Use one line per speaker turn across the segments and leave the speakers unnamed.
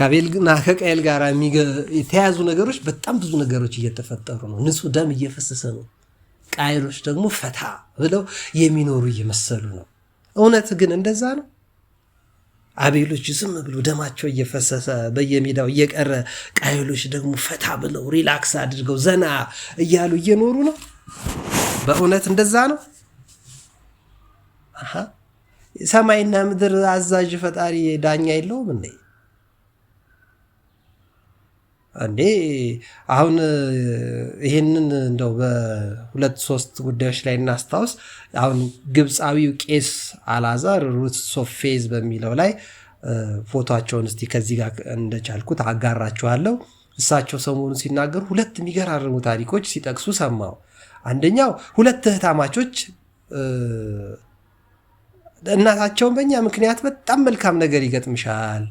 ከአቤልና ከቃየል ጋር የተያዙ ነገሮች በጣም ብዙ ነገሮች እየተፈጠሩ ነው። ንጹህ ደም እየፈሰሰ ነው። ቃይሎች ደግሞ ፈታ ብለው የሚኖሩ እየመሰሉ ነው። እውነት ግን እንደዛ ነው? አቤሎች ዝም ብሎ ደማቸው እየፈሰሰ በየሜዳው እየቀረ፣ ቃይሎች ደግሞ ፈታ ብለው ሪላክስ አድርገው ዘና እያሉ እየኖሩ ነው። በእውነት እንደዛ ነው? ሰማይና ምድር አዛዥ ፈጣሪ ዳኛ የለውም? እንዴ አሁን ይህንን እንደው በሁለት ሶስት ጉዳዮች ላይ እናስታውስ። አሁን ግብፃዊው ቄስ አላዛር ሩት ሶፌዝ በሚለው ላይ ፎቶቸውን እስቲ ከዚህ ጋር እንደቻልኩት አጋራችኋለሁ። እሳቸው ሰሞኑ ሲናገሩ ሁለት የሚገራርሙ ታሪኮች ሲጠቅሱ ሰማው። አንደኛው ሁለት እህታማቾች እናታቸውን በእኛ ምክንያት በጣም መልካም ነገር ይገጥምሻል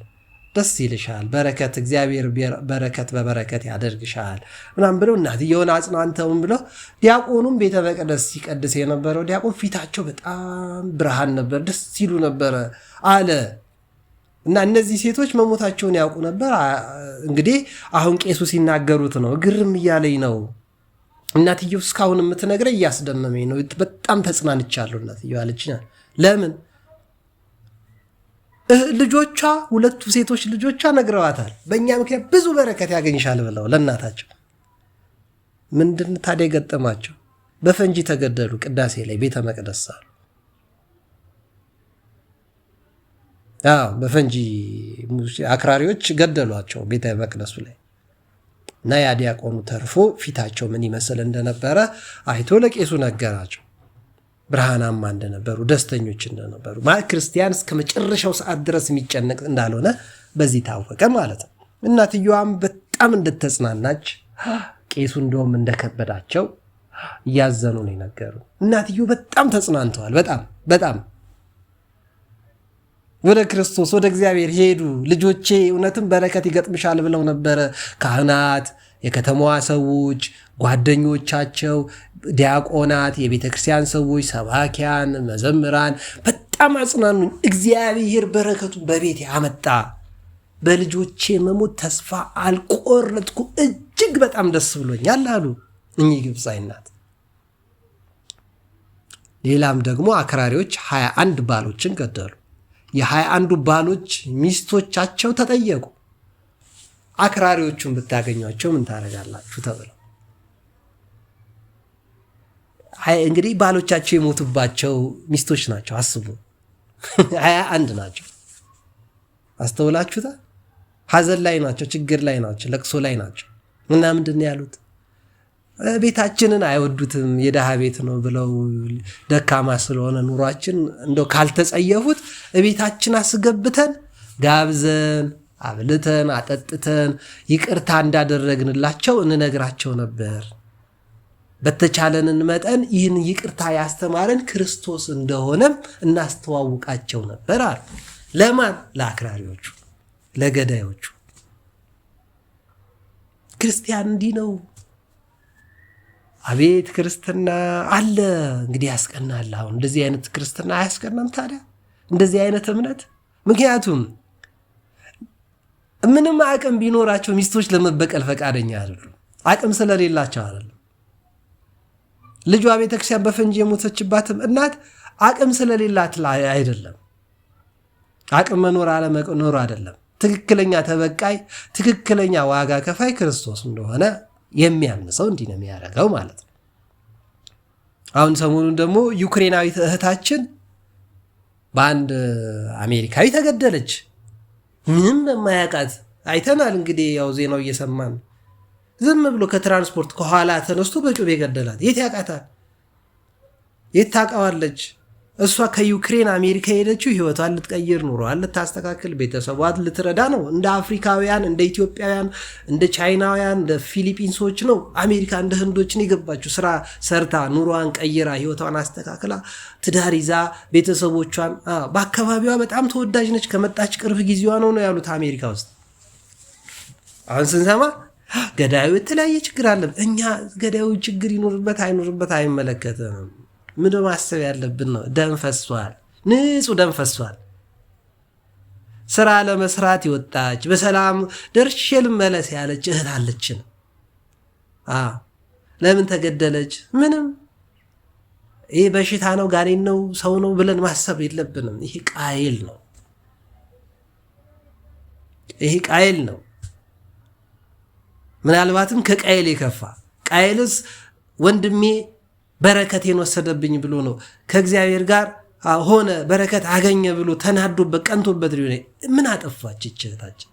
ደስ ይልሻል፣ በረከት እግዚአብሔር በረከት በበረከት ያደርግሻል ምናም ብለው እናትየውን አጽናንተውም ብለው ዲያቆኑም ቤተ መቅደስ ሲቀድስ የነበረው ዲያቆን ፊታቸው በጣም ብርሃን ነበር፣ ደስ ይሉ ነበረ አለ እና እነዚህ ሴቶች መሞታቸውን ያውቁ ነበር። እንግዲህ አሁን ቄሱ ሲናገሩት ነው። ግርም እያለኝ ነው እናትየው እስካሁን የምትነግረ እያስደመመኝ ነው። በጣም ተጽናንቻለሁ እናትየው አለችኛል። ለምን ልጆቿ ሁለቱ ሴቶች ልጆቿ ነግረዋታል። በእኛ ምክንያት ብዙ በረከት ያገኝሻል ብለው ለእናታቸው ምንድን ታዲያ የገጠማቸው በፈንጂ ተገደሉ። ቅዳሴ ላይ ቤተ መቅደስ ሳሉ በፈንጂ አክራሪዎች ገደሏቸው ቤተ መቅደሱ ላይ እና ያ ዲያቆኑ ተርፎ ፊታቸው ምን ይመስል እንደነበረ አይቶ ለቄሱ ነገራቸው። ብርሃናማ እንደነበሩ፣ ደስተኞች እንደነበሩ ማለት ክርስቲያን እስከ መጨረሻው ሰዓት ድረስ የሚጨነቅ እንዳልሆነ በዚህ ታወቀ ማለት ነው። እናትየዋም በጣም እንደተጽናናች፣ ቄሱ እንደውም እንደከበዳቸው እያዘኑ ነው የነገሩ። እናትዮ በጣም ተጽናንተዋል። በጣም በጣም ወደ ክርስቶስ ወደ እግዚአብሔር ሄዱ። ልጆቼ እውነትም በረከት ይገጥምሻል ብለው ነበረ ካህናት የከተማዋ ሰዎች፣ ጓደኞቻቸው፣ ዲያቆናት፣ የቤተ ክርስቲያን ሰዎች፣ ሰባኪያን፣ መዘምራን በጣም አጽናኑኝ። እግዚአብሔር በረከቱን በቤት ያመጣ በልጆቼ መሞት ተስፋ አልቆረጥኩ፣ እጅግ በጣም ደስ ብሎኛል አሉ እኚህ ግብፃዊ እናት። ሌላም ደግሞ አክራሪዎች 21 ባሎችን ገደሉ። የ21ዱ ባሎች ሚስቶቻቸው ተጠየቁ። አክራሪዎቹን ብታገኟቸው ምን ታደርጋላችሁ ተብለው እንግዲህ ባሎቻቸው የሞቱባቸው ሚስቶች ናቸው። አስቡ፣ ሀያ አንድ ናቸው። አስተውላችሁታ? ሀዘን ላይ ናቸው፣ ችግር ላይ ናቸው፣ ለቅሶ ላይ ናቸው። እና ምንድን ያሉት? ቤታችንን አይወዱትም፣ የድሃ ቤት ነው ብለው ደካማ ስለሆነ ኑሯችን እንደው ካልተጸየፉት ቤታችን አስገብተን ጋብዘን አብልተን አጠጥተን ይቅርታ እንዳደረግንላቸው እንነግራቸው ነበር። በተቻለንን መጠን ይህን ይቅርታ ያስተማረን ክርስቶስ እንደሆነም እናስተዋውቃቸው ነበር አሉ። ለማን? ለአክራሪዎቹ፣ ለገዳዮቹ። ክርስቲያን እንዲህ ነው። አቤት ክርስትና አለ እንግዲህ ያስቀናል። አሁን እንደዚህ አይነት ክርስትና አያስቀናም ታዲያ? እንደዚህ አይነት እምነት ምክንያቱም ምንም አቅም ቢኖራቸው ሚስቶች ለመበቀል ፈቃደኛ አይደሉም። አቅም ስለሌላቸው አይደለም። ልጇ ቤተክርስቲያን በፈንጂ የሞተችባትም እናት አቅም ስለሌላት አይደለም። አቅም መኖር አለመኖር አይደለም። ትክክለኛ ተበቃይ፣ ትክክለኛ ዋጋ ከፋይ ክርስቶስ እንደሆነ የሚያምን ሰው እንዲህ ነው የሚያደርገው ማለት ነው። አሁን ሰሞኑን ደግሞ ዩክሬናዊት እህታችን በአንድ አሜሪካዊ ተገደለች። ምንም በማያውቃት አይተናል። እንግዲህ ያው ዜናው እየሰማን ዝም ብሎ ከትራንስፖርት ከኋላ ተነስቶ በጩቤ ገደላት። የት ያውቃታል? የት ታቀዋለች እሷ ከዩክሬን አሜሪካ የሄደችው ህይወቷን ልትቀይር ኑሯዋን ልታስተካክል ቤተሰቧን ልትረዳ ነው። እንደ አፍሪካውያን፣ እንደ ኢትዮጵያውያን፣ እንደ ቻይናውያን፣ እንደ ፊሊፒንሶች ነው አሜሪካ እንደ ህንዶችን የገባችው ስራ ሰርታ ኑሯዋን ቀይራ ህይወቷን አስተካክላ ትዳር ይዛ ቤተሰቦቿን። በአካባቢዋ በጣም ተወዳጅ ነች። ከመጣች ቅርብ ጊዜዋ ነው ነው ያሉት አሜሪካ ውስጥ አሁን ስንሰማ ገዳዩ የተለያየ ችግር አለን። እኛ ገዳዩ ችግር ይኖርበት አይኖርበት አይመለከትም። ምን ማሰብ ያለብን ነው? ደም ፈሷል፣ ንጹህ ደም ፈሷል። ስራ ለመስራት ይወጣች በሰላም ደርሼ ልመለስ ያለች እህል አለችን። ለምን ተገደለች? ምንም ይህ በሽታ ነው፣ ጋኔን ነው፣ ሰው ነው ብለን ማሰብ የለብንም። ይሄ ቃይል ነው። ይሄ ቃይል ነው። ምናልባትም ከቃይል የከፋ ቃይልስ ወንድሜ በረከቴን ወሰደብኝ ብሎ ነው ከእግዚአብሔር ጋር ሆነ በረከት አገኘ ብሎ ተናዶበት ቀንቶበት ሊሆነ ምን አጠፋች እህታችን?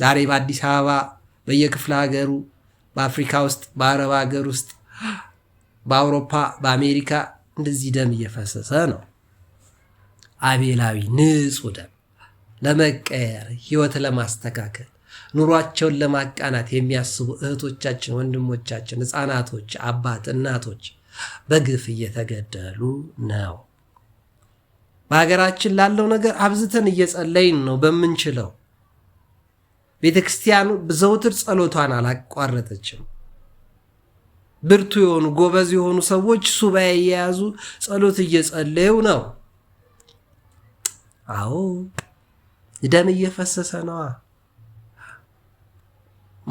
ዛሬ በአዲስ አበባ በየክፍለ ሀገሩ በአፍሪካ ውስጥ በአረብ ሀገር ውስጥ በአውሮፓ በአሜሪካ እንደዚህ ደም እየፈሰሰ ነው። አቤላዊ ንጹህ ደም ለመቀየር ህይወት ለማስተካከል ኑሯቸውን ለማቃናት የሚያስቡ እህቶቻችን፣ ወንድሞቻችን፣ ህፃናቶች፣ አባት እናቶች በግፍ እየተገደሉ ነው። በሀገራችን ላለው ነገር አብዝተን እየጸለይን ነው በምንችለው። ቤተ ክርስቲያኑ ዘውትር ጸሎቷን አላቋረጠችም። ብርቱ የሆኑ ጎበዝ የሆኑ ሰዎች ሱባኤ እየያዙ ጸሎት እየጸለዩ ነው። አዎ ደም እየፈሰሰ ነዋ።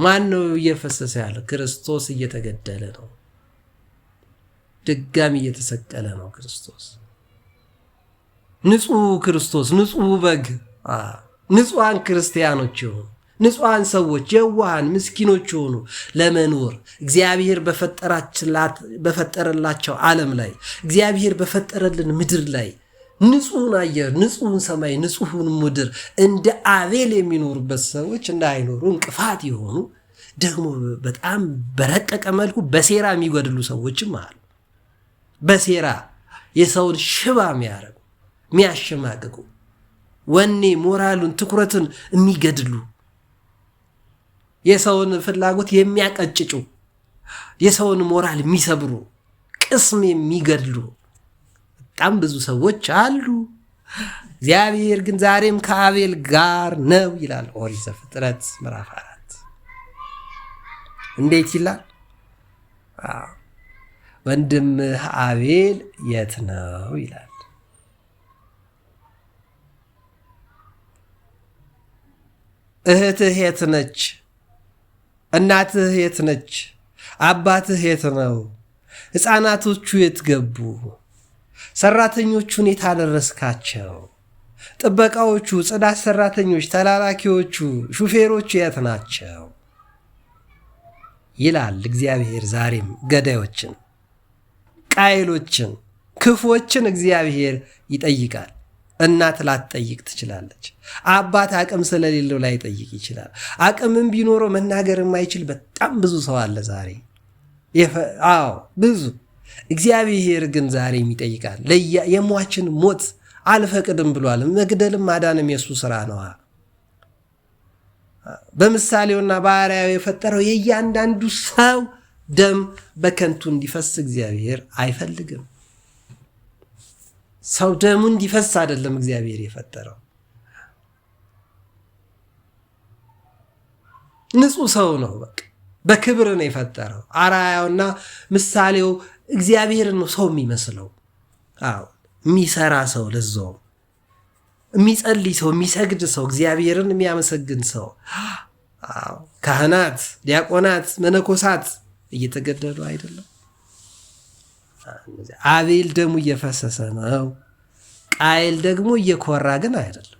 ማን ነው እየፈሰሰ ያለ? ክርስቶስ እየተገደለ ነው። ድጋሚ እየተሰቀለ ነው ክርስቶስ። ንጹህ ክርስቶስ፣ ንጹህ በግ፣ ንጹሐን ክርስቲያኖች የሆኑ ንጹሐን ሰዎች፣ የዋሃን ምስኪኖች የሆኑ ለመኖር እግዚአብሔር በፈጠረላቸው ዓለም ላይ እግዚአብሔር በፈጠረልን ምድር ላይ ንጹህን አየር፣ ንጹህን ሰማይ፣ ንጹህን ምድር እንደ አቤል የሚኖሩበት ሰዎች እንዳይኖሩ እንቅፋት የሆኑ ደግሞ በጣም በረቀቀ መልኩ በሴራ የሚገድሉ ሰዎችም አሉ። በሴራ የሰውን ሽባ የሚያረጉ የሚያሸማቅቁ፣ ወኔ ሞራሉን፣ ትኩረትን የሚገድሉ የሰውን ፍላጎት የሚያቀጭጩ፣ የሰውን ሞራል የሚሰብሩ፣ ቅስም የሚገድሉ በጣም ብዙ ሰዎች አሉ። እግዚአብሔር ግን ዛሬም ከአቤል ጋር ነው ይላል ኦሪት ዘፍጥረት ምዕራፍ አራት እንዴት ይላል? ወንድምህ አቤል የት ነው ይላል። እህትህ የት ነች? እናትህ የት ነች? አባትህ የት ነው? ሕፃናቶቹ የት ገቡ? ሰራተኞቹ ሁኔታ አደረስካቸው? ጥበቃዎቹ፣ ጽዳት ሰራተኞች፣ ተላላኪዎቹ፣ ሹፌሮቹ የት ናቸው? ይላል እግዚአብሔር። ዛሬም ገዳዮችን፣ ቃይሎችን፣ ክፎችን እግዚአብሔር ይጠይቃል። እናት ላትጠይቅ ትችላለች። አባት አቅም ስለሌለው ላይ ጠይቅ ይችላል። አቅምም ቢኖረው መናገር የማይችል በጣም ብዙ ሰው አለ ዛሬ። አዎ ብዙ እግዚአብሔር ግን ዛሬ ይጠይቃል። የሟችን ሞት አልፈቅድም ብሏል። መግደልም ማዳንም የእሱ ስራ ነዋ። በምሳሌውና ባህሪያዊ የፈጠረው የእያንዳንዱ ሰው ደም በከንቱ እንዲፈስ እግዚአብሔር አይፈልግም። ሰው ደሙ እንዲፈስ አይደለም እግዚአብሔር የፈጠረው። ንጹህ ሰው ነው። በክብር ነው የፈጠረው። አራያውና ምሳሌው እግዚአብሔርን ነው ሰው የሚመስለው። አዎ የሚሰራ ሰው ለዛው የሚጸልይ ሰው የሚሰግድ ሰው እግዚአብሔርን የሚያመሰግን ሰው። ካህናት፣ ዲያቆናት፣ መነኮሳት እየተገደሉ አይደለም። አቤል ደሙ እየፈሰሰ ነው። ቃይል ደግሞ እየኮራ ግን አይደለም።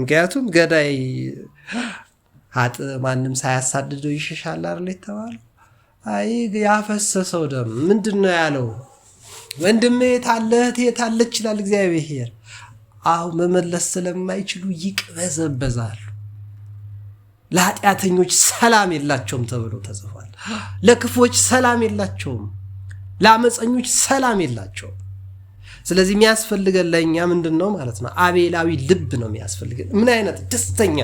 ምክንያቱም ገዳይ ሀጥ ማንም ሳያሳድደው ይሸሻል አይደል የተባለው አይ ያፈሰሰው ደም ምንድን ነው ያለው? ወንድሜ ታለህ የታለች? ይችላል እግዚአብሔር። አሁ መመለስ ስለማይችሉ ይቅበዘበዛሉ። ለኃጢአተኞች ሰላም የላቸውም ተብሎ ተጽፏል። ለክፎች ሰላም የላቸውም፣ ለአመፀኞች ሰላም የላቸውም። ስለዚህ የሚያስፈልገን ለእኛ ምንድን ነው ማለት ነው? አቤላዊ ልብ ነው የሚያስፈልገን። ምን አይነት ደስተኛ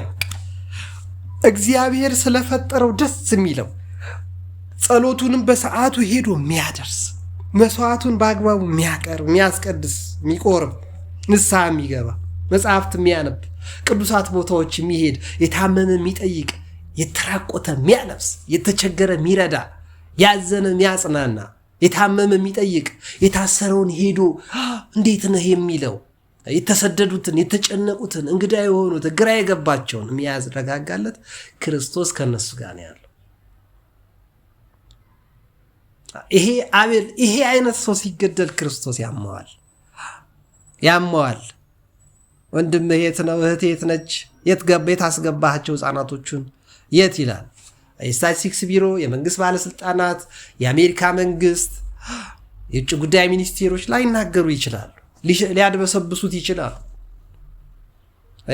እግዚአብሔር ስለፈጠረው ደስ የሚለው ጸሎቱንም በሰዓቱ ሄዶ የሚያደርስ መስዋዕቱን በአግባቡ የሚያቀርብ፣ የሚያስቀድስ፣ የሚቆርብ፣ ንስሐ የሚገባ፣ መጽሐፍት የሚያነብ፣ ቅዱሳት ቦታዎች የሚሄድ፣ የታመመ የሚጠይቅ፣ የተራቆተ የሚያለብስ፣ የተቸገረ የሚረዳ፣ ያዘነ የሚያጽናና፣ የታመመ የሚጠይቅ፣ የታሰረውን ሄዶ እንዴት ነህ የሚለው፣ የተሰደዱትን፣ የተጨነቁትን፣ እንግዳ የሆኑት ግራ የገባቸውን የሚያዝረጋጋለት ክርስቶስ ከእነሱ ጋር ነው ያለው። ይሄ አቤል ይሄ አይነት ሰው ሲገደል ክርስቶስ ያመዋል ያመዋል። ወንድም የት ነው? እህት የት ነች? የት አስገባቸው ህፃናቶቹን የት ይላል። የስታቲስቲክስ ቢሮ፣ የመንግስት ባለስልጣናት፣ የአሜሪካ መንግስት፣ የውጭ ጉዳይ ሚኒስቴሮች ላይናገሩ ይችላሉ፣ ሊያድበሰብሱት ይችላሉ።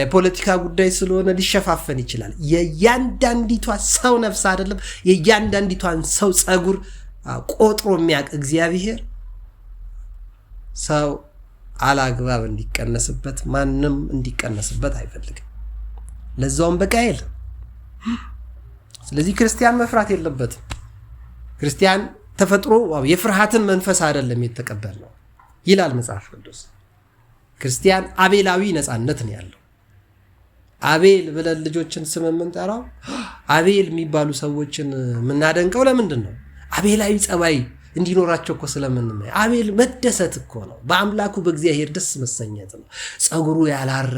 የፖለቲካ ጉዳይ ስለሆነ ሊሸፋፈን ይችላል። የእያንዳንዲቷ ሰው ነፍስ አይደለም የእያንዳንዲቷን ሰው ፀጉር ቆጥሮ የሚያውቅ እግዚአብሔር ሰው አላግባብ እንዲቀነስበት ማንም እንዲቀነስበት አይፈልግም። ለዛውም በቃየል። ስለዚህ ክርስቲያን መፍራት የለበትም። ክርስቲያን ተፈጥሮ የፍርሃትን መንፈስ አይደለም የተቀበል ነው ይላል መጽሐፍ ቅዱስ። ክርስቲያን አቤላዊ ነፃነት ነው ያለው። አቤል ብለን ልጆችን ስም የምንጠራው አቤል የሚባሉ ሰዎችን የምናደንቀው ለምንድን ነው? አቤላዊ ጸባይ እንዲኖራቸው እኮ ስለምንመ አቤል መደሰት እኮ ነው። በአምላኩ በእግዚአብሔር ደስ መሰኘት ነው። ጸጉሩ ያላረ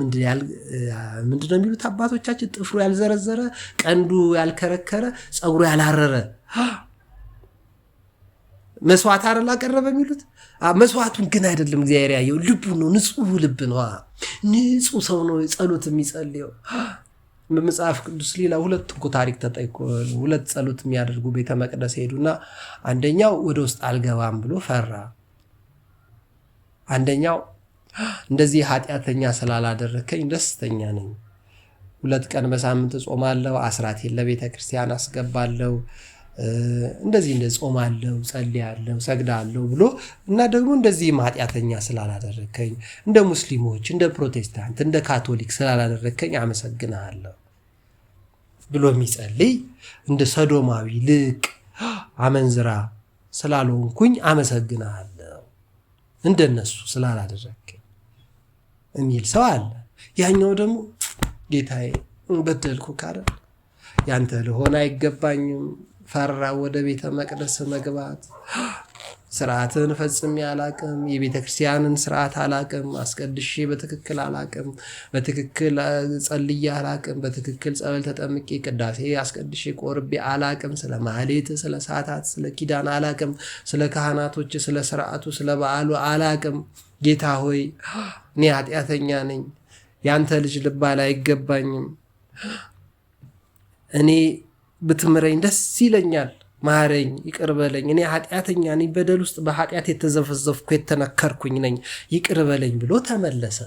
ምንድነው የሚሉት አባቶቻችን? ጥፍሩ ያልዘረዘረ፣ ቀንዱ ያልከረከረ፣ ጸጉሩ ያላረረ መስዋዕት አረላ ቀረበ የሚሉት መስዋዕቱን ግን አይደለም እግዚአብሔር ያየው ልቡ ነው። ንጹህ ልብ ነው። ንጹህ ሰው ነው ጸሎት የሚጸልየው በመጽሐፍ ቅዱስ ሌላ ሁለት እንኮ ታሪክ ተጠይቆ ሁለት ጸሎት የሚያደርጉ ቤተ መቅደስ ሄዱና አንደኛው ወደ ውስጥ አልገባም ብሎ ፈራ። አንደኛው እንደዚህ ኃጢአተኛ ስላላደረከኝ ደስተኛ ነኝ፣ ሁለት ቀን በሳምንት እጾማለሁ፣ አስራቴን ለቤተ ክርስቲያን አስገባለሁ እንደዚህ እንደ ጾም አለው ጸል አለው ሰግዳ አለው ብሎ እና ደግሞ እንደዚህ ማጥያተኛ ስላላደረከኝ እንደ ሙስሊሞች፣ እንደ ፕሮቴስታንት፣ እንደ ካቶሊክ ስላላደረከኝ አመሰግናለሁ ብሎ የሚጸልይ እንደ ሰዶማዊ ልቅ አመንዝራ ስላልሆንኩኝ አመሰግናለሁ እንደነሱ ስላላደረከኝ የሚል ሰው አለ። ያኛው ደግሞ ጌታዬ በደልኩ ካረ ያንተ ልሆን አይገባኝም ፈራ ወደ ቤተ መቅደስ መግባት። ስርዓትን ፈጽሜ አላቅም። የቤተ ክርስቲያንን ስርዓት አላቅም። አስቀድሼ በትክክል አላቅም። በትክክል ጸልዬ አላቅም። በትክክል ጸበል ተጠምቄ ቅዳሴ አስቀድሼ ቆርቤ አላቅም። ስለ ማህሌት፣ ስለ ሰዓታት፣ ስለ ኪዳን አላቅም። ስለ ካህናቶች፣ ስለ ስርዓቱ፣ ስለ በዓሉ አላቅም። ጌታ ሆይ እኔ ኃጢአተኛ ነኝ። ያንተ ልጅ ልባል አይገባኝም። እኔ ብትምረኝ ደስ ይለኛል። ማረኝ፣ ይቅርበለኝ እኔ ኃጢአተኛ ነኝ፣ በደል ውስጥ በኃጢአት የተዘፈዘፍኩ የተነከርኩኝ ነኝ፣ ይቅርበለኝ ብሎ ተመለሰ።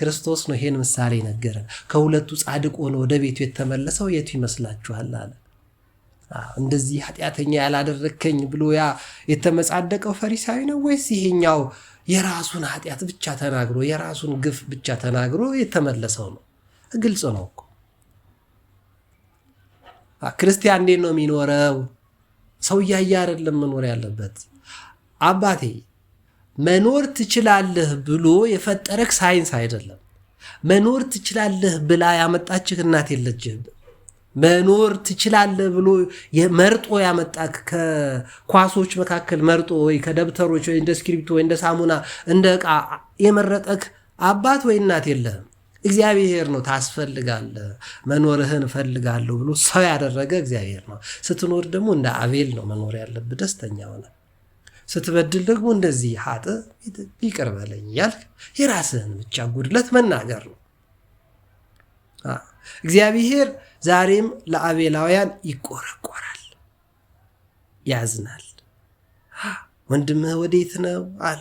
ክርስቶስ ነው ይሄን ምሳሌ ነገረን። ከሁለቱ ጻድቅ ሆኖ ወደ ቤቱ የተመለሰው የቱ ይመስላችኋል? አለ እንደዚህ ኃጢአተኛ ያላደረከኝ ብሎ ያ የተመጻደቀው ፈሪሳዊ ነው ወይስ ይሄኛው የራሱን ኃጢአት ብቻ ተናግሮ የራሱን ግፍ ብቻ ተናግሮ የተመለሰው ነው? ግልጽ ነው እኮ ክርስቲያን እንዴት ነው የሚኖረው? ሰው እያየ አይደለም መኖር ያለበት። አባቴ መኖር ትችላለህ ብሎ የፈጠረክ ሳይንስ አይደለም። መኖር ትችላለህ ብላ ያመጣችህ እናት የለችህም። መኖር ትችላለህ ብሎ መርጦ ያመጣክ ከኳሶች መካከል መርጦ ወይ ከደብተሮች ወይ እንደ እስክሪብቶ ወይ እንደ ሳሙና እንደ ዕቃ የመረጠክ አባት ወይ እናት የለህም። እግዚአብሔር ነው ታስፈልጋለህ፣ መኖርህን እፈልጋለሁ ብሎ ሰው ያደረገ እግዚአብሔር ነው። ስትኖር ደግሞ እንደ አቤል ነው መኖር ያለብህ ደስተኛ ሆነ። ስትበድል ደግሞ እንደዚህ ሀጥ ይቅር በለኝ እያልክ የራስህን ብቻ ጉድለት መናገር ነው። እግዚአብሔር ዛሬም ለአቤላውያን ይቆረቆራል፣ ያዝናል። ወንድምህ ወዴት ነው አለ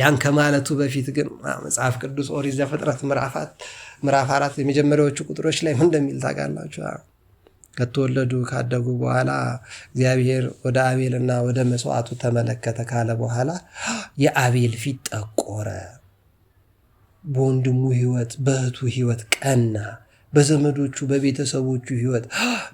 ያን ከማለቱ በፊት ግን መጽሐፍ ቅዱስ ኦሪት ዘፍጥረት ምዕራፍ አራት የመጀመሪያዎቹ ቁጥሮች ላይ ምን እንደሚል ታውቃላችሁ? ከተወለዱ ካደጉ በኋላ እግዚአብሔር ወደ አቤልና ወደ መስዋዕቱ ተመለከተ ካለ በኋላ የአቤል ፊት ጠቆረ፣ በወንድሙ ሕይወት በእህቱ ሕይወት ቀና በዘመዶቹ በቤተሰቦቹ ህይወት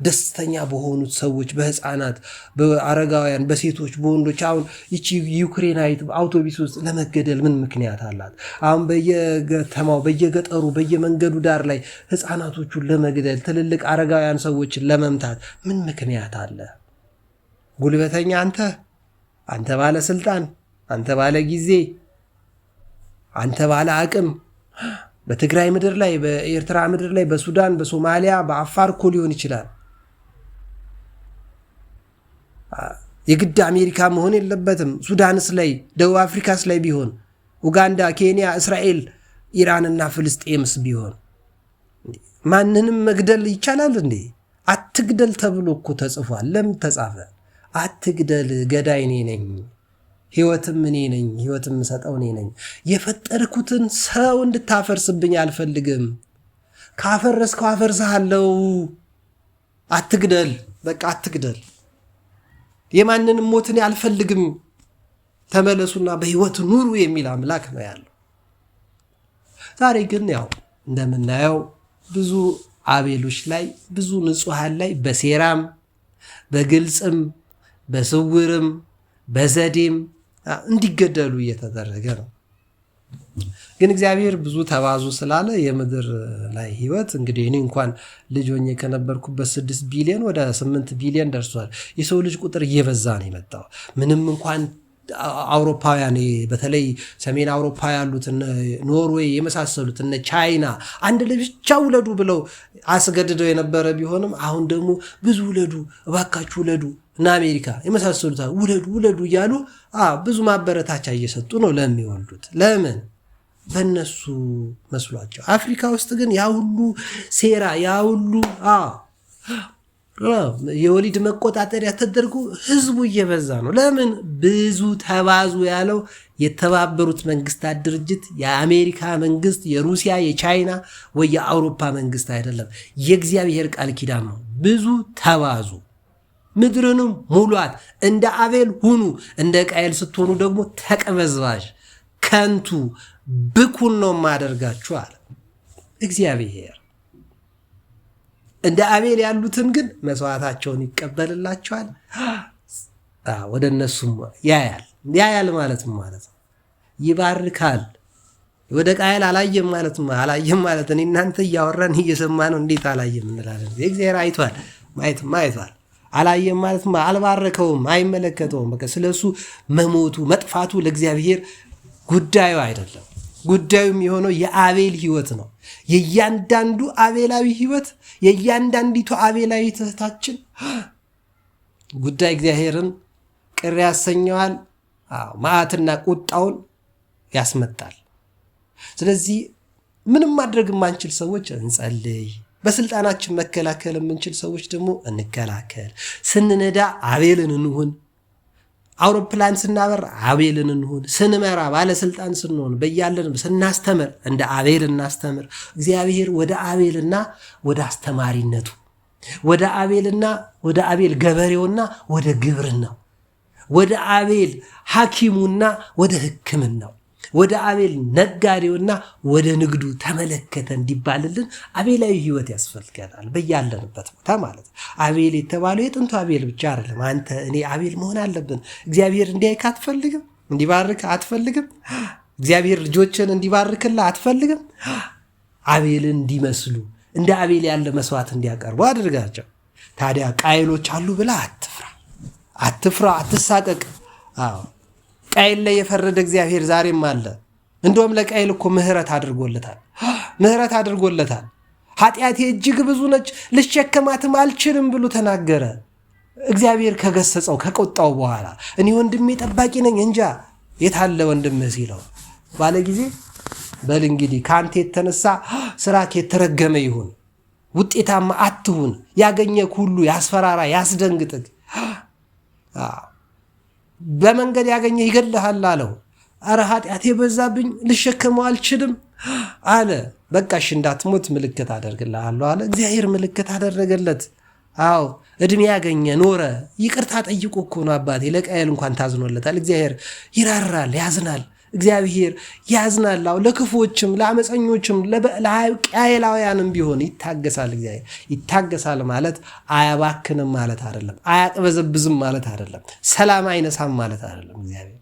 ደስተኛ በሆኑት ሰዎች፣ በህፃናት፣ በአረጋውያን፣ በሴቶች፣ በወንዶች። አሁን ይቺ ዩክሬናዊት አውቶቢስ ውስጥ ለመገደል ምን ምክንያት አላት? አሁን በየከተማው በየገጠሩ በየመንገዱ ዳር ላይ ህፃናቶቹን ለመግደል ትልልቅ አረጋውያን ሰዎችን ለመምታት ምን ምክንያት አለ? ጉልበተኛ አንተ፣ አንተ ባለስልጣን፣ አንተ ባለ ጊዜ፣ አንተ ባለ አቅም በትግራይ ምድር ላይ፣ በኤርትራ ምድር ላይ፣ በሱዳን፣ በሶማሊያ፣ በአፋር እኮ ሊሆን ይችላል። የግድ አሜሪካ መሆን የለበትም። ሱዳንስ ላይ፣ ደቡብ አፍሪካስ ላይ ቢሆን፣ ኡጋንዳ፣ ኬንያ፣ እስራኤል፣ ኢራንና ፍልስጤምስ ቢሆን ማንንም መግደል ይቻላል እንዴ? አትግደል ተብሎ እኮ ተጽፏል። ለምን ተጻፈ? አትግደል ገዳይ እኔ ነኝ ህይወትም እኔ ነኝ፣ ሕይወትም የምሰጠው እኔ ነኝ። የፈጠርኩትን ሰው እንድታፈርስብኝ አልፈልግም። ካፈረስከው አፈርስሃለሁ። አትግደል፣ በቃ አትግደል። የማንንም ሞትን አልፈልግም። ተመለሱና በህይወት ኑሩ የሚል አምላክ ነው ያለው። ዛሬ ግን ያው እንደምናየው ብዙ አቤሎች ላይ ብዙ ንጹሐን ላይ በሴራም በግልጽም በስውርም በዘዴም እንዲገደሉ እየተደረገ ነው። ግን እግዚአብሔር ብዙ ተባዙ ስላለ የምድር ላይ ህይወት እንግዲህ እኔ እንኳን ልጅ ሆኜ ከነበርኩበት ስድስት ቢሊዮን ወደ ስምንት ቢሊዮን ደርሷል። የሰው ልጅ ቁጥር እየበዛ ነው የመጣው ምንም እንኳን አውሮፓውያን በተለይ ሰሜን አውሮፓ ያሉት ኖርዌይ የመሳሰሉት እነ ቻይና አንድ ልጅ ብቻ ውለዱ ብለው አስገድደው የነበረ ቢሆንም አሁን ደግሞ ብዙ ውለዱ፣ እባካችሁ ውለዱ እና አሜሪካ የመሳሰሉት ውለዱ ውለዱ እያሉ ብዙ ማበረታቻ እየሰጡ ነው ለሚወልዱት። ለምን በነሱ መስሏቸው። አፍሪካ ውስጥ ግን ያ ሁሉ ሴራ ያ ሁሉ የወሊድ መቆጣጠሪያ ተደርጎ ህዝቡ እየበዛ ነው። ለምን ብዙ ተባዙ ያለው የተባበሩት መንግስታት ድርጅት የአሜሪካ መንግስት፣ የሩሲያ፣ የቻይና ወይ የአውሮፓ መንግስት አይደለም። የእግዚአብሔር ቃል ኪዳን ነው። ብዙ ተባዙ ምድርንም ሙሏት። እንደ አቤል ሁኑ፣ እንደ ቃየል ስትሆኑ ደግሞ ተቅበዝባዥ፣ ከንቱ፣ ብኩን ነው ማደርጋችሁ አለ እግዚአብሔር። እንደ አቤል ያሉትን ግን መስዋዕታቸውን ይቀበልላቸዋል፣ ወደ እነሱም ያያል። ያያል ማለት ማለት ነው ይባርካል። ወደ ቃየል አላየም ማለት አላየም ማለት እናንተ እያወራን እየሰማ ነው እንዴት አላየም እንላለን። እግዚአብሔር አይቷል፣ ማየትማ አይቷል። አላየም ማለት አልባረከውም፣ አይመለከተውም። በቃ ስለሱ መሞቱ መጥፋቱ ለእግዚአብሔር ጉዳዩ አይደለም። ጉዳዩም የሆነው የአቤል ህይወት ነው። የእያንዳንዱ አቤላዊ ህይወት፣ የእያንዳንዲቱ አቤላዊ ትህታችን ጉዳይ እግዚአብሔርን ቅር ያሰኘዋል፣ መዓትና ቁጣውን ያስመጣል። ስለዚህ ምንም ማድረግ የማንችል ሰዎች እንጸልይ። በስልጣናችን መከላከል የምንችል ሰዎች ደግሞ እንከላከል። ስንነዳ አቤልን እንሁን። አውሮፕላን ስናበር አቤልን እንሁን። ስንመራ ባለስልጣን ስንሆን በያለን ስናስተምር እንደ አቤል እናስተምር። እግዚአብሔር ወደ አቤልና ወደ አስተማሪነቱ ወደ አቤልና ወደ አቤል ገበሬውና ወደ ግብርናው ወደ አቤል ሐኪሙና ወደ ሕክምናው ወደ አቤል ነጋዴውና ወደ ንግዱ ተመለከተ እንዲባልልን አቤላዊ ህይወት ያስፈልገናል። በያለንበት ቦታ ማለት ነው። አቤል የተባለው የጥንቱ አቤል ብቻ አይደለም። አንተ እኔ አቤል መሆን አለብን። እግዚአብሔር እንዲያይክ አትፈልግም? እንዲባርክ አትፈልግም? እግዚአብሔር ልጆችን እንዲባርክላ አትፈልግም? አቤልን እንዲመስሉ እንደ አቤል ያለ መስዋዕት እንዲያቀርቡ አድርጋቸው። ታዲያ ቃይሎች አሉ ብላ አትፍራ፣ አትፍራ፣ አትሳቀቅ። አዎ ቃይል ላይ የፈረደ እግዚአብሔር ዛሬም አለ። እንደውም ለቃይል እኮ ምህረት አድርጎለታል። ምህረት አድርጎለታል። ኃጢአቴ እጅግ ብዙ ነች፣ ልሸከማትም አልችልም ብሎ ተናገረ። እግዚአብሔር ከገሰጸው ከቆጣው በኋላ እኔ ወንድሜ ጠባቂ ነኝ እንጃ የታለ ወንድምህ ሲለው ባለ ጊዜ በል እንግዲህ ከአንተ የተነሳ ስራክ የተረገመ ይሁን፣ ውጤታማ አትሁን፣ ያገኘክ ሁሉ ያስፈራራ፣ ያስደንግጥግ በመንገድ ያገኘ ይገልሃል አለው። አረ ኃጢአቴ የበዛብኝ ልሸከመው አልችልም አለ። በቃሽ እንዳትሞት ምልክት አደርግልሃለሁ አለ። እግዚአብሔር ምልክት አደረገለት። አዎ እድሜ ያገኘ ኖረ። ይቅርታ ጠይቁ እኮ ነው አባቴ፣ ለቃየል እንኳን ታዝኖለታል። እግዚአብሔር ይራራል፣ ያዝናል። እግዚአብሔር ያዝናላው ለክፎችም ለአመፀኞችም ለቃየላውያንም ቢሆን ይታገሳል። እግዚአብሔር ይታገሳል ማለት አያባክንም ማለት አይደለም። አያቅበዘብዝም ማለት አይደለም። ሰላም አይነሳም ማለት አይደለም። እግዚአብሔር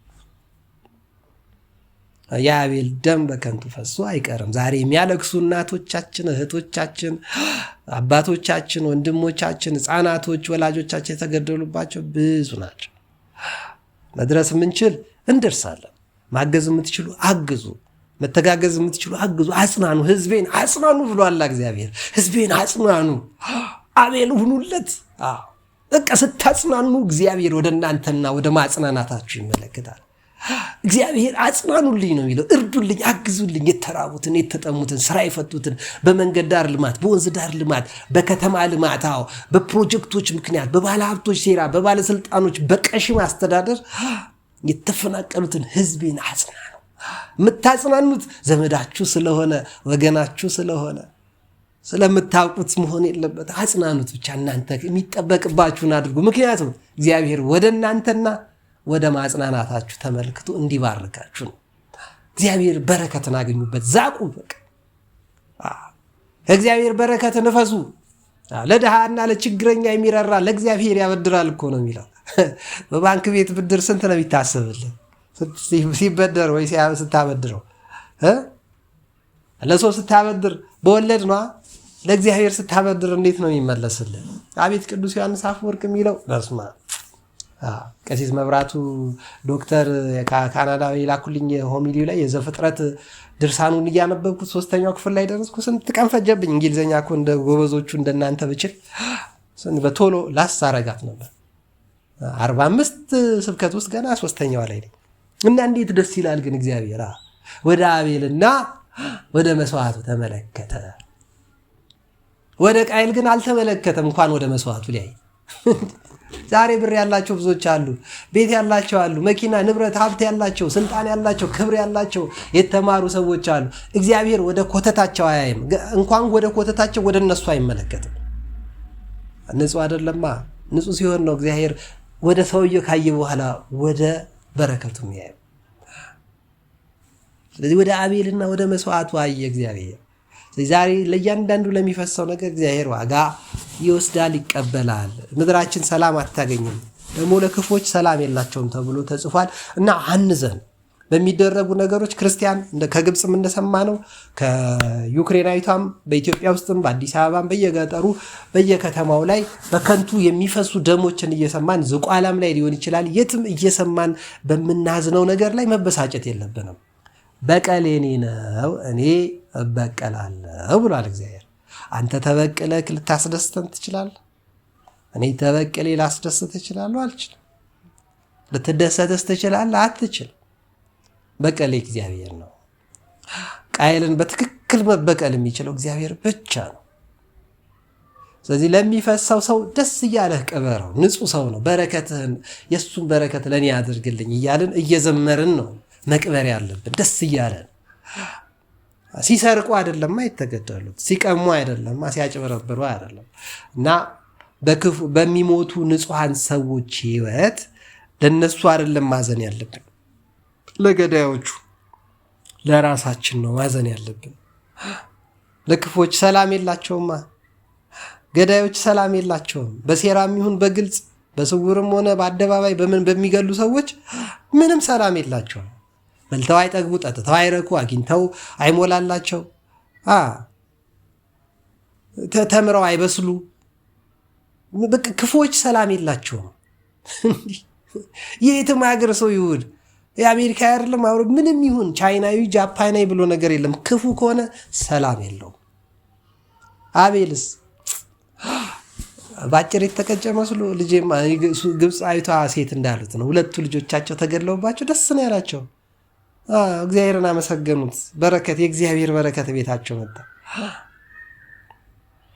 የአቤል ደም በከንቱ ፈሶ አይቀርም። ዛሬ የሚያለቅሱ እናቶቻችን፣ እህቶቻችን፣ አባቶቻችን፣ ወንድሞቻችን፣ ህፃናቶች ወላጆቻችን የተገደሉባቸው ብዙ ናቸው። መድረስ የምንችል እንደርሳለን። ማገዝ የምትችሉ አግዙ፣ መተጋገዝ የምትችሉ አግዙ፣ አጽናኑ፣ ህዝቤን አጽናኑ ብሏል እግዚአብሔር። ህዝቤን አጽናኑ፣ አቤል ሁኑለት። በቃ ስታጽናኑ እግዚአብሔር ወደ እናንተና ወደ ማጽናናታችሁ ይመለከታል። እግዚአብሔር አጽናኑልኝ ነው የሚለው። እርዱልኝ፣ አግዙልኝ፣ የተራቡትን፣ የተጠሙትን፣ ስራ የፈቱትን በመንገድ ዳር ልማት፣ በወንዝ ዳር ልማት፣ በከተማ ልማት፣ አዎ በፕሮጀክቶች ምክንያት፣ በባለሀብቶች ሴራ፣ በባለስልጣኖች በቀሽም አስተዳደር የተፈናቀሉትን ህዝቤን ነው የምታጽናኑት ዘመዳችሁ ስለሆነ ወገናችሁ ስለሆነ ስለምታውቁት መሆን የለበት። አጽናኑት ብቻ እናንተ የሚጠበቅባችሁን አድርጉ። ምክንያቱም እግዚአብሔር ወደ እናንተና ወደ ማጽናናታችሁ ተመልክቶ እንዲባርካችሁ ነው። እግዚአብሔር በረከትን አገኙበት። ዛቁ፣ በቃ ከእግዚአብሔር በረከት ንፈሱ ለድሃና ለችግረኛ የሚረራ ለእግዚአብሔር ያበድራል እኮ ነው የሚለው በባንክ ቤት ብድር ስንት ነው የሚታሰብልን? ሲበደር ወይ ስታበድረው ለሰው ስታበድር በወለድ ነዋ። ለእግዚአብሔር ስታበድር እንዴት ነው የሚመለስልን? አቤት ቅዱስ ዮሐንስ አፈወርቅ የሚለው በስማ ቀሲስ መብራቱ ዶክተር ከካናዳ የላኩልኝ ሆሚሊው ላይ የዘፍጥረት ድርሳኑን እያነበብኩት ሶስተኛው ክፍል ላይ ደረስኩ። ስንት ቀን ፈጀብኝ። እንግሊዝኛ እኮ እንደ ጎበዞቹ እንደናንተ ብችል በቶሎ ላስ አረጋት ነበር። አርባ አምስት ስብከት ውስጥ ገና ሶስተኛዋ ላይ ነኝ እና እንዴት ደስ ይላል ግን እግዚአብሔር ወደ አቤልና ወደ መስዋዕቱ ተመለከተ። ወደ ቃይል ግን አልተመለከተም። እንኳን ወደ መስዋዕቱ ሊያይ ዛሬ ብር ያላቸው ብዙዎች አሉ፣ ቤት ያላቸው አሉ፣ መኪና፣ ንብረት፣ ሀብት ያላቸው፣ ስልጣን ያላቸው፣ ክብር ያላቸው የተማሩ ሰዎች አሉ። እግዚአብሔር ወደ ኮተታቸው አያይም። እንኳን ወደ ኮተታቸው ወደ እነሱ አይመለከትም። ንጹህ አይደለማ። ንጹህ ሲሆን ነው እግዚአብሔር ወደ ሰውየው ካየ በኋላ ወደ በረከቱ የሚያዩ ስለዚህ ወደ አቤልና ወደ መስዋዕቱ አየ እግዚአብሔር። ዛሬ ለእያንዳንዱ ለሚፈሰው ነገር እግዚአብሔር ዋጋ ይወስዳል፣ ይቀበላል። ምድራችን ሰላም አታገኝም፣ ደግሞ ለክፎች ሰላም የላቸውም ተብሎ ተጽፏል እና አንዘን በሚደረጉ ነገሮች ክርስቲያን ከግብፅ እንደሰማ ነው። ከዩክሬናዊቷም በኢትዮጵያ ውስጥም በአዲስ አበባም በየገጠሩ በየከተማው ላይ በከንቱ የሚፈሱ ደሞችን እየሰማን ዝቋላም ላይ ሊሆን ይችላል። የትም እየሰማን በምናዝነው ነገር ላይ መበሳጨት የለብንም። በቀል የኔ ነው፣ እኔ እበቀላለሁ ብሏል እግዚአብሔር። አንተ ተበቅለህ ልታስደስተን ትችላለህ? እኔ ተበቅሌ ላስደስት እችላለሁ? አልችልም። ልትደሰትስ ትችላለህ? አትችል በቀል እግዚአብሔር ነው። ቃየልን በትክክል መበቀል የሚችለው እግዚአብሔር ብቻ ነው። ስለዚህ ለሚፈሳው ሰው ደስ እያለህ ቅበረው። ንጹህ ሰው ነው። በረከትህን የእሱን በረከት ለእኔ አድርግልኝ እያልን እየዘመርን ነው መቅበር ያለብን ደስ እያለን። ሲሰርቁ አይደለማ የተገደሉት፣ ሲቀሙ አይደለም፣ ሲያጭበረብሩ አይደለም እና በክፉ በሚሞቱ ንጹሐን ሰዎች ህይወት ለነሱ አይደለም ማዘን ያለብን ለገዳዮቹ ለራሳችን ነው ማዘን ያለብን። ለክፎች ሰላም የላቸውማ። ገዳዮች ሰላም የላቸውም። በሴራም ይሁን በግልጽ በስውርም ሆነ በአደባባይ በምን በሚገሉ ሰዎች ምንም ሰላም የላቸውም። በልተው አይጠግቡ፣ ጠጥተው አይረኩ፣ አግኝተው አይሞላላቸው፣ ተምረው አይበስሉ። ክፎች ሰላም የላቸውም። የየትም ሀገር ሰው ይሁድ የአሜሪካ አይደለም አብሮ ምንም ይሁን ቻይናዊ ጃፓናዊ ብሎ ነገር የለም። ክፉ ከሆነ ሰላም የለውም። አቤልስ በአጭር የተቀጨ መስሎ ልጄ ግብፃዊቷ ሴት እንዳሉት ነው። ሁለቱ ልጆቻቸው ተገድለውባቸው ደስ ነው ያላቸው። እግዚአብሔርን አመሰገኑት። በረከት የእግዚአብሔር በረከት ቤታቸው መጣ።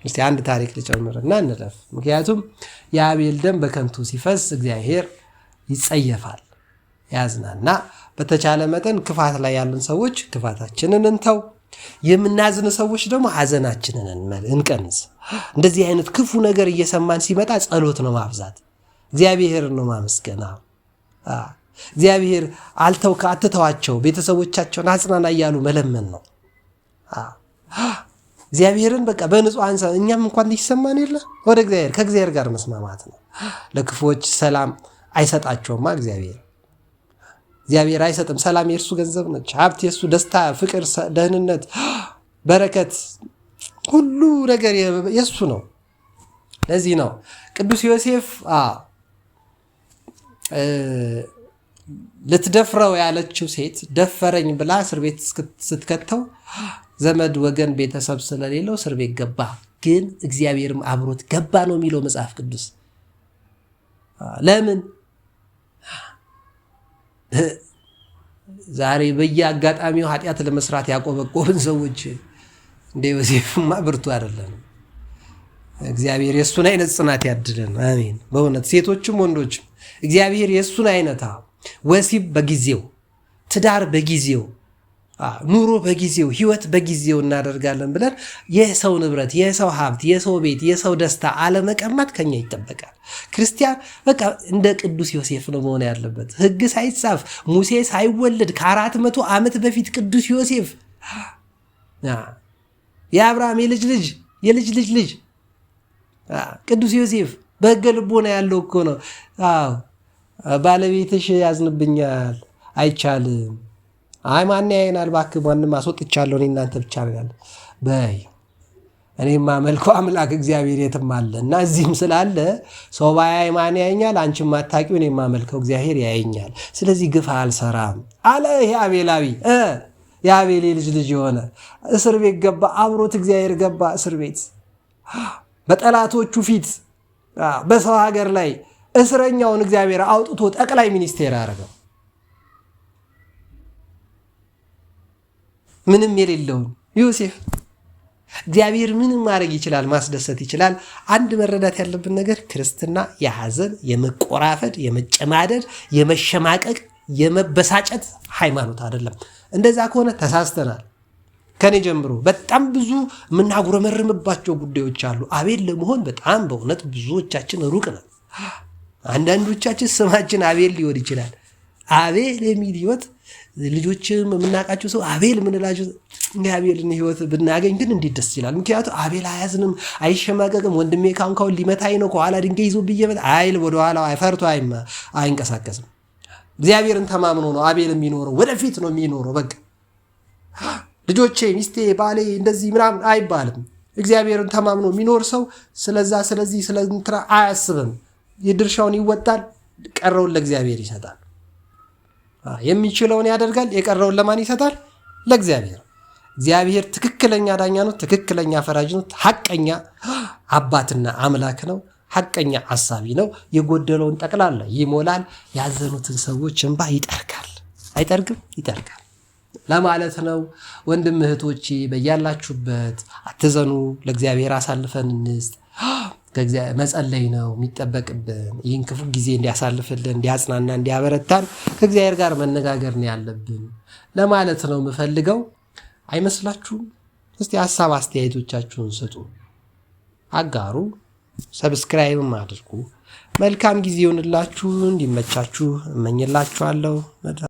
እስቲ አንድ ታሪክ ልጨምርና እንለፍ። ምክንያቱም የአቤል ደም በከንቱ ሲፈስ እግዚአብሔር ይጸየፋል። ያዝናና። በተቻለ መጠን ክፋት ላይ ያሉን ሰዎች ክፋታችንን እንተው፣ የምናዝን ሰዎች ደግሞ ሐዘናችንን እንቀንስ። እንደዚህ አይነት ክፉ ነገር እየሰማን ሲመጣ ጸሎት ነው ማብዛት፣ እግዚአብሔር ነው ማመስገና። እግዚአብሔር አልተው አትተዋቸው፣ ቤተሰቦቻቸውን አጽናና እያሉ መለመን ነው። እግዚአብሔርን በቃ በንጹህ አንሳ። እኛም እንኳን ይሰማን የለ ወደ እግዚአብሔር ከእግዚአብሔር ጋር መስማማት ነው። ለክፉዎች ሰላም አይሰጣቸውማ እግዚአብሔር እግዚአብሔር አይሰጥም። ሰላም የእርሱ ገንዘብ ነች። ሀብት የእሱ ደስታ፣ ፍቅር፣ ደህንነት፣ በረከት፣ ሁሉ ነገር የእሱ ነው። ለዚህ ነው ቅዱስ ዮሴፍ ልትደፍረው ያለችው ሴት ደፈረኝ ብላ እስር ቤት ስትከተው ዘመድ ወገን ቤተሰብ ስለሌለው እስር ቤት ገባ፣ ግን እግዚአብሔርም አብሮት ገባ ነው የሚለው መጽሐፍ ቅዱስ ለምን ዛሬ በየአጋጣሚው ኃጢአት ለመስራት ያቆበቆብን ሰዎች እንደ ዮሴፍማ ብርቱ አይደለም። እግዚአብሔር የእሱን አይነት ጽናት ያድለን። አሜን። በእውነት ሴቶችም ወንዶችም እግዚአብሔር የእሱን አይነት ወሲብ በጊዜው ትዳር በጊዜው ኑሮ በጊዜው ህይወት በጊዜው እናደርጋለን ብለን የሰው ንብረት፣ የሰው ሀብት፣ የሰው ቤት፣ የሰው ደስታ አለመቀማት ከኛ ይጠበቃል። ክርስቲያን በቃ እንደ ቅዱስ ዮሴፍ ነው መሆን ያለበት። ህግ ሳይጻፍ ሙሴ ሳይወለድ ከአራት መቶ ዓመት በፊት ቅዱስ ዮሴፍ የአብርሃም የልጅ ልጅ የልጅ ልጅ ልጅ ቅዱስ ዮሴፍ በህገ ልቦና ያለው እኮ ነው። ባለቤትሽ ያዝንብኛል አይቻልም አይ ማን ያየናል እባክህ፣ ማንም አስወጥቻለሁ እኔ እናንተ ብቻ ነን። በይ እኔ መልከው አምላክ እግዚአብሔር የትም አለ እና እዚህም ስላለ ሰው ባያይ ማን ያየኛል? አንቺ ማታቂው እኔ ማመልከው እግዚአብሔር ያየኛል። ስለዚህ ግፍ አልሰራም አለ ይሄ አቤላዊ የአቤሌ ልጅ ልጅ የሆነ እስር ቤት ገባ። አብሮት እግዚአብሔር ገባ እስር ቤት በጠላቶቹ ፊት በሰው ሀገር ላይ እስረኛውን እግዚአብሔር አውጥቶ ጠቅላይ ሚኒስቴር አደረገው። ምንም የሌለውን ዮሴፍ እግዚአብሔር ምንም ማድረግ ይችላል፣ ማስደሰት ይችላል። አንድ መረዳት ያለብን ነገር ክርስትና የሐዘን የመቆራፈድ፣ የመጨማደድ፣ የመሸማቀቅ፣ የመበሳጨት ሃይማኖት አይደለም። እንደዛ ከሆነ ተሳስተናል። ከኔ ጀምሮ በጣም ብዙ የምናጉረመርምባቸው ጉዳዮች አሉ። አቤል ለመሆን በጣም በእውነት ብዙዎቻችን ሩቅ ነን። አንዳንዶቻችን ስማችን አቤል ሊሆን ይችላል። አቤል የሚል ህይወት ልጆችም የምናውቃቸው ሰው አቤል የምንላቸው አቤልን ህይወት ብናገኝ ግን እንዴት ደስ ይላል። ምክንያቱም አቤል አያዝንም፣ አይሸማቀቅም። ወንድሜ ካሁን ካሁን ሊመታኝ ነው ከኋላ ድንጋይ ይዞ ብየበት አይል፣ ወደኋላ ፈርቶ አይንቀሳቀስም። እግዚአብሔርን ተማምኖ ነው አቤል የሚኖረው፣ ወደፊት ነው የሚኖረው። በቃ ልጆቼ፣ ሚስቴ፣ ባሌ እንደዚህ ምናምን አይባልም። እግዚአብሔርን ተማምኖ የሚኖር ሰው ስለዛ ስለዚህ ስለንትራ አያስብም። የድርሻውን ይወጣል፣ ቀረውን ለእግዚአብሔር ይሰጣል። የሚችለውን ያደርጋል። የቀረውን ለማን ይሰጣል? ለእግዚአብሔር። እግዚአብሔር ትክክለኛ ዳኛ ነው። ትክክለኛ ፈራጅ ነው። ሐቀኛ አባትና አምላክ ነው። ሐቀኛ አሳቢ ነው። የጎደለውን ጠቅላላ ይሞላል። ያዘኑትን ሰዎች እንባ ይጠርጋል። አይጠርግም? ይጠርጋል ለማለት ነው። ወንድም እህቶቼ፣ በያላችሁበት አትዘኑ። ለእግዚአብሔር አሳልፈን እንስጥ። መጸለይ ነው የሚጠበቅብን። ይህን ክፉ ጊዜ እንዲያሳልፍልን፣ እንዲያጽናና፣ እንዲያበረታን ከእግዚአብሔር ጋር መነጋገር ነው ያለብን ለማለት ነው የምፈልገው። አይመስላችሁም? እስቲ ሀሳብ አስተያየቶቻችሁን ስጡ፣ አጋሩ፣ ሰብስክራይብም አድርጉ። መልካም ጊዜ ይሆንላችሁ፣ እንዲመቻችሁ እመኝላችኋለሁ።